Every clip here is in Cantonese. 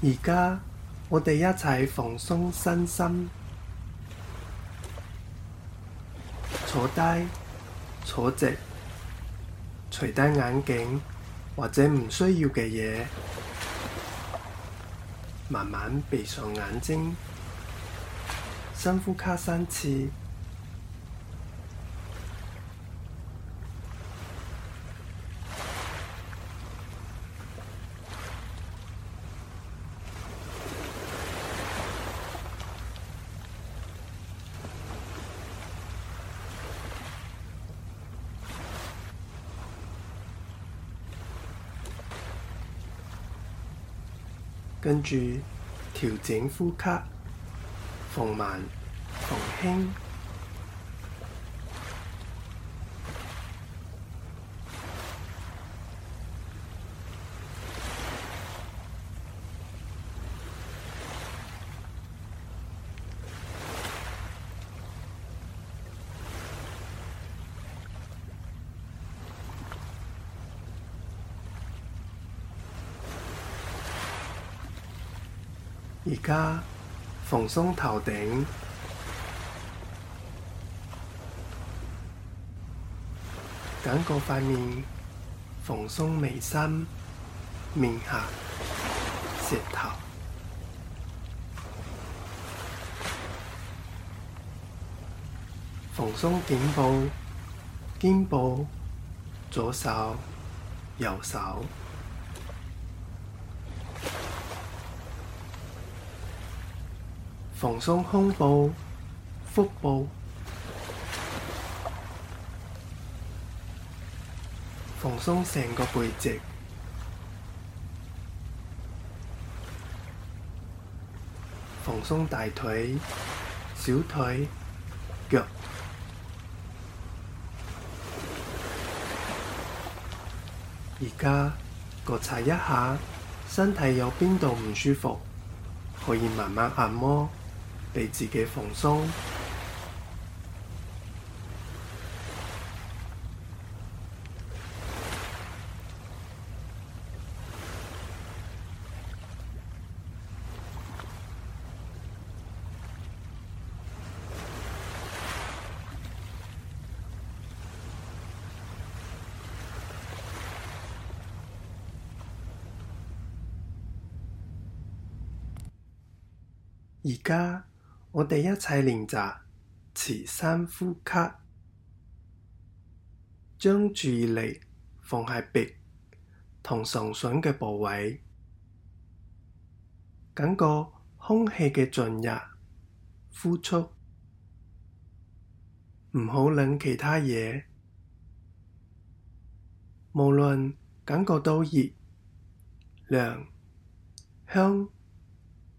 而家我哋一齊放鬆身心，坐低坐直，除低眼鏡或者唔需要嘅嘢，慢慢閉上眼睛，深呼吸三次。跟住調整呼吸，放慢，放輕。而家放鬆頭頂，緊個塊面，放鬆眉心、面頰、舌頭，放鬆頸部、肩部、左手、右手。放鬆胸部、腹部，放鬆成個背脊，放鬆大腿、小腿、腳。而家覺察一下身體有邊度唔舒服，可以慢慢按摩。為自己放鬆。而家。我哋一齊練習持深呼吸，將注意力放喺鼻同上唇嘅部位，感覺空氣嘅進入、呼出，唔好諗其他嘢。無論感覺到熱、涼、香、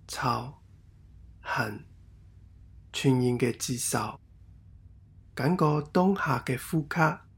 臭、痕。全然嘅接受，感覺當下嘅呼吸。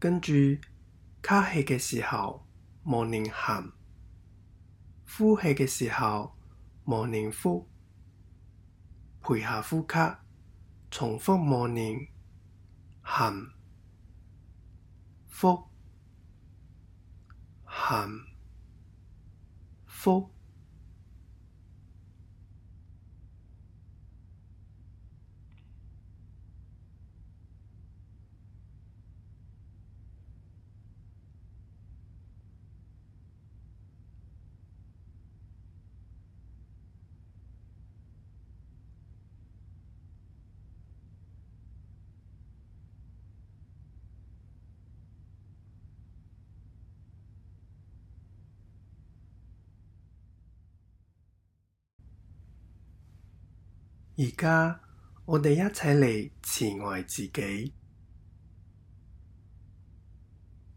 跟住吸氣嘅時候，默念含；呼氣嘅時候，默念呼。陪下呼吸，重複默念含、呼、含、呼。而家我哋一齊嚟慈愛自己，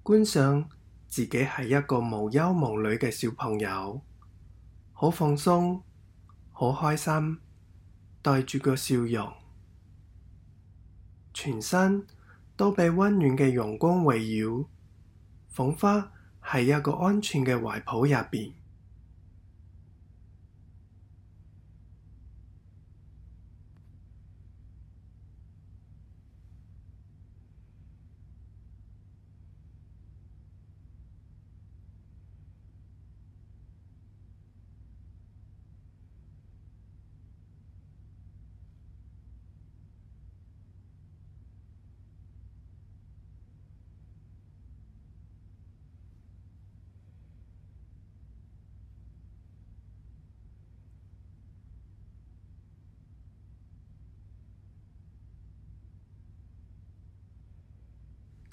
觀賞自己係一個無憂無慮嘅小朋友，好放鬆，好開心，帶住個笑容，全身都被温暖嘅陽光圍繞，仿佛係一個安全嘅懷抱入邊。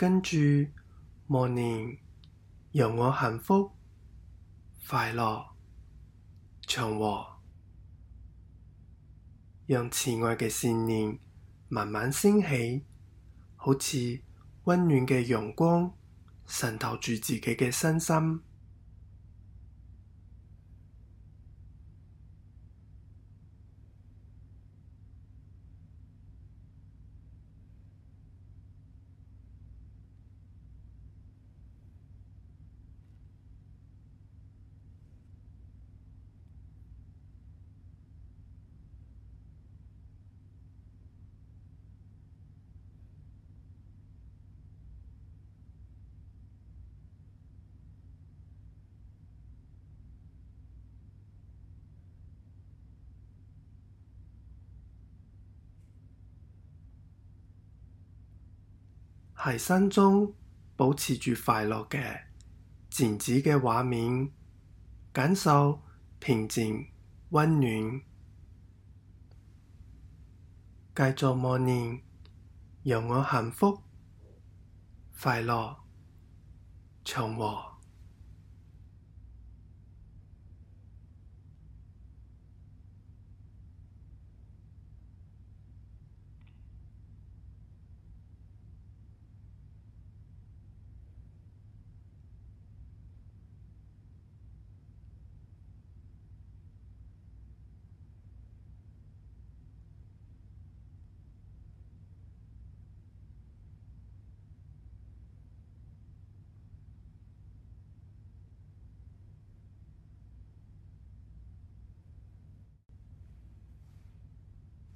跟住默念，讓我幸福、快樂、祥和，讓慈愛嘅善念慢慢升起，好似溫暖嘅陽光，滲透住自己嘅身心。喺心中保持住快樂嘅靜止嘅畫面，感受平靜、溫暖，繼續默念，讓我幸福、快樂、祥和。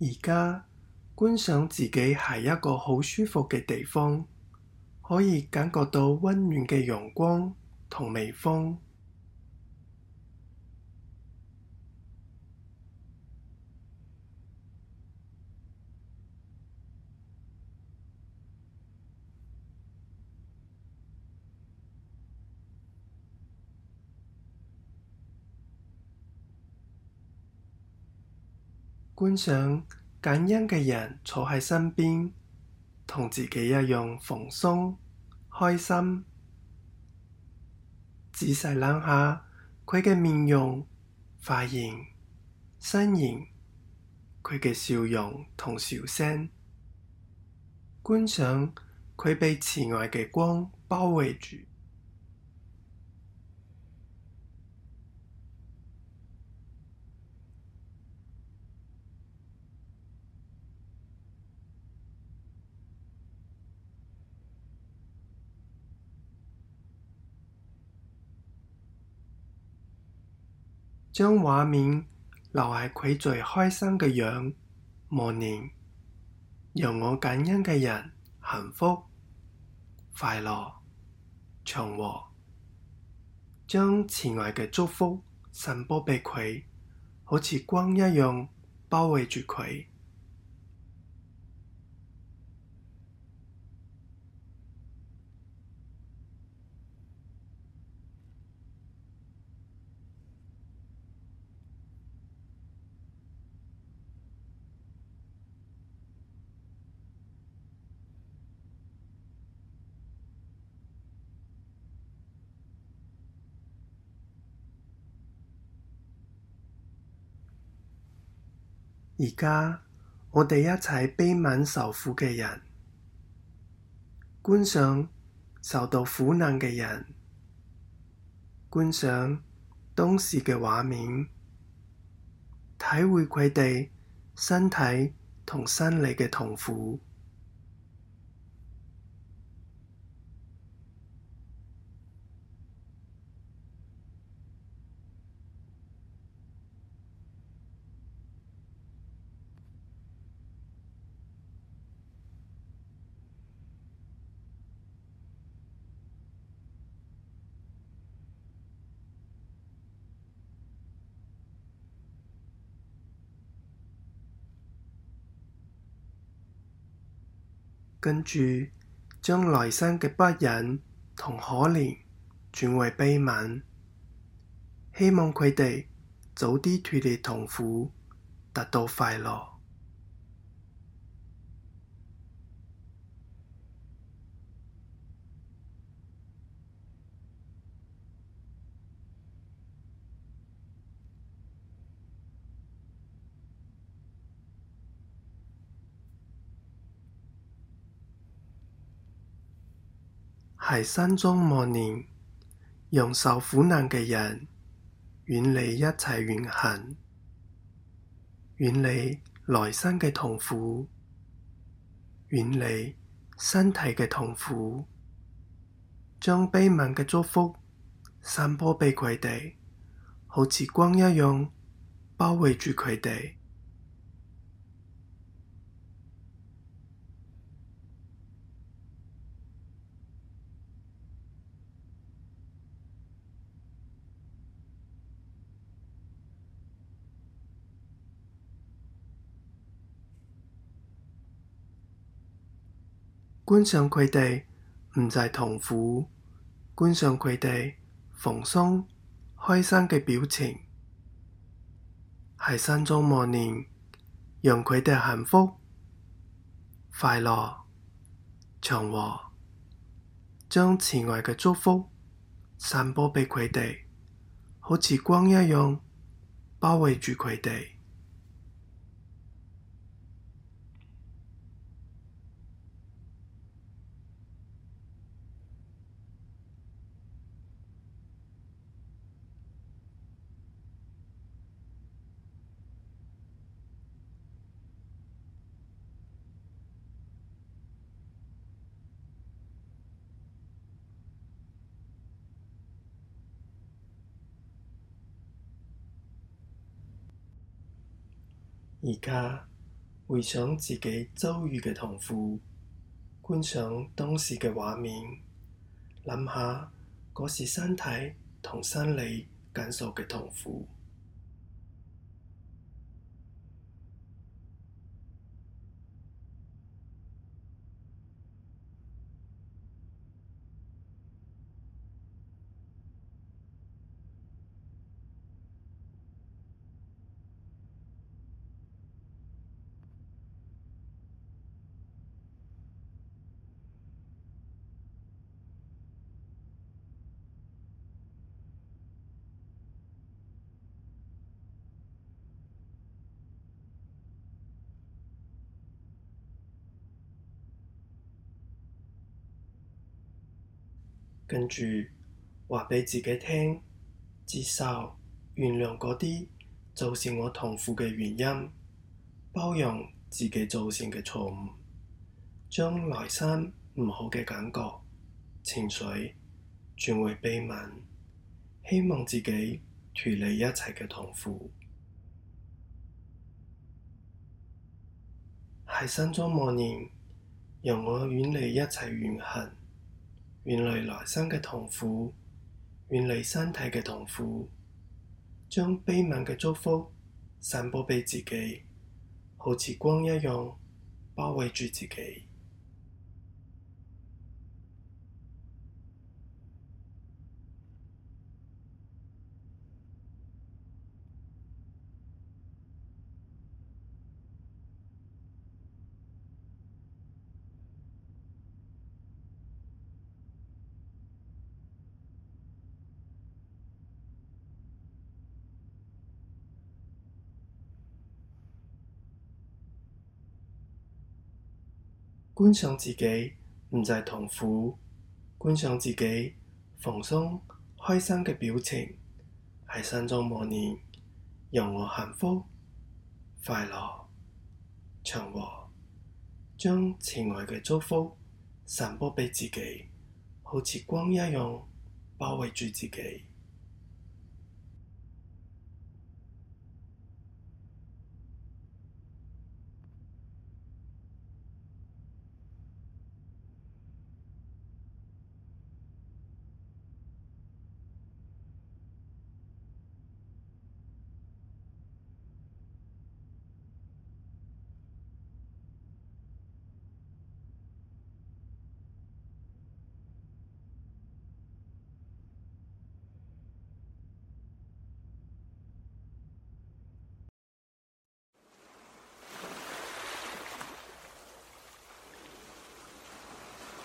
而家觀賞自己係一個好舒服嘅地方，可以感覺到温暖嘅陽光同微風。觀想感恩嘅人坐喺身邊，同自己一樣放鬆開心。仔細諗下佢嘅面容、髮型、身形，佢嘅笑容同笑聲。觀想佢被慈愛嘅光包圍住。將畫面留喺佢最開心嘅樣，默念，讓我感恩嘅人，幸福、快樂、祥和，將慈愛嘅祝福散播畀佢，好似光一樣包圍住佢。而家我哋一齊悲憫受苦嘅人，觀賞受到苦難嘅人，觀賞當時嘅畫面，體會佢哋身體同心理嘅痛苦。跟住，將來生嘅不忍同可憐轉為悲憫，希望佢哋早啲脫離痛苦，達到快樂。喺心中默念，讓受苦難嘅人遠離一切怨恨，遠離來生嘅痛苦，遠離身體嘅痛苦，將悲憫嘅祝福散播畀佢哋，好似光一樣包圍住佢哋。觀賞佢哋唔再痛苦，觀賞佢哋放鬆、開心嘅表情，喺心中默念，讓佢哋幸福、快樂、祥和，將慈愛嘅祝福散播畀佢哋，好似光一樣包圍住佢哋。而家回想自己遭遇嘅痛苦，觀賞當時嘅畫面，諗下嗰時身體同心理感受嘅痛苦。跟住話畀自己聽，接受原諒嗰啲，造成我痛苦嘅原因，包容自己造成嘅錯誤，將來生唔好嘅感覺、情緒轉為秘密，希望自己脫離一切嘅痛苦，喺心中默念，容我遠離一切怨恨。原嚟來生嘅痛苦，原嚟身體嘅痛苦，將悲憫嘅祝福散播畀自己，好似光一樣包圍住自己。觀賞自己唔再痛苦，觀賞自己放鬆開心嘅表情，喺心中默念，讓我幸福快樂、祥和，將情愛嘅祝福散播畀自己，好似光一樣包圍住自己。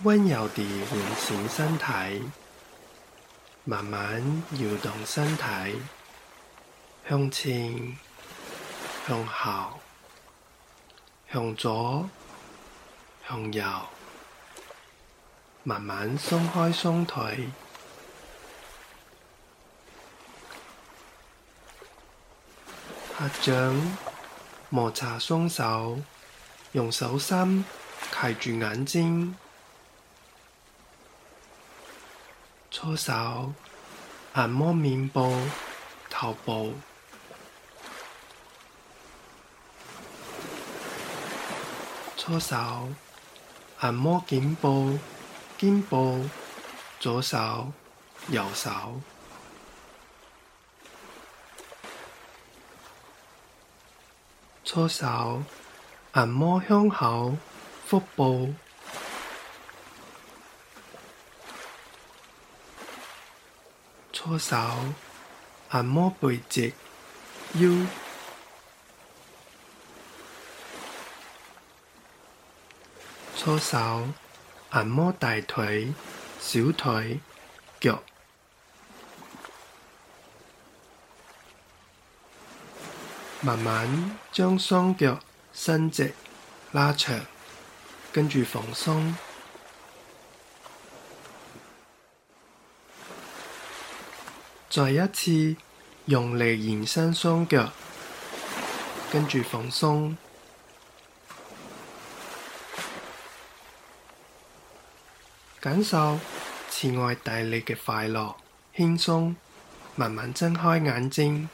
溫柔地喚醒身體，慢慢搖動身體，向前、向後、向左、向右，慢慢鬆開雙腿，拍掌，摩擦雙手，用手心蓋住眼睛。搓手，按摩面部、頭部；搓手，按摩頸部、肩部；左手、右手；搓手，按摩胸口、腹部。搓手，按摩背脊、腰；搓手，按摩大腿、小腿、腳。慢慢將雙腳伸直、拉長，跟住放鬆。再一次用力延伸雙腳，跟住放鬆，感受慈愛帶嚟嘅快樂，輕鬆，慢慢睜開眼睛。